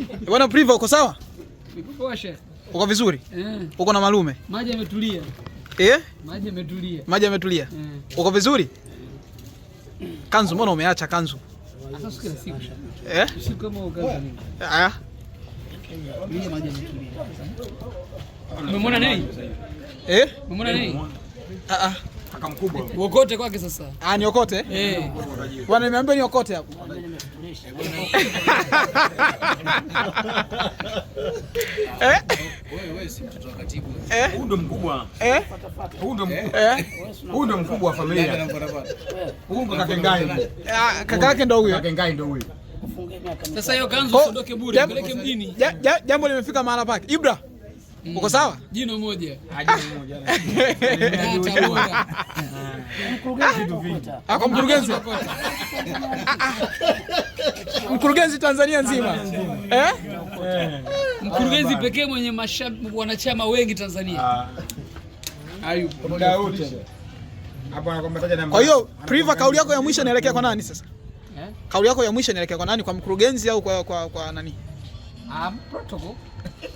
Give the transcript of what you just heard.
Bwana Priva uko sawa? Uko vizuri? Eh. Uko na malume? Maji yametulia. Eh? Maji yametulia. Maji yametulia. Eh. Uko vizuri? Kanzu, mbona umeacha kanzu? Sasa siku. Eh? Siku kama ugaza nini? Ah. Mimi maji yametulia. Umemwona nani? Eh? Umemwona nani? Ah ah. Kaka mkubwa. Uokote kwake sasa. Ah, niokote? Eh. Bwana nimeambia niokote hapo. Huu ndo mkubwa, huu ndo mkubwa wa familia. Huu ndo kakengai, kaka ndo huyo, kakengai ndo huyo. Sasa hiyo kanzu usiondoke bure, peleke mjini. Jambo limefika mahala pake. Ibra, uko sawa? Jino moja. Mkurugenzi. Mkurugenzi mkurugenzi Tanzania nzima eh? eh? mkurugenzi pekee mwenye mashabiki wanachama wengi Tanzania. Ah. Kwa hiyo Priva, kauli yako ya mwisho inaelekea kwa nani sasa? Eh? Kauli yako ya mwisho inaelekea kwa nani, kwa mkurugenzi au kwa kwa, kwa nani? Um, protocol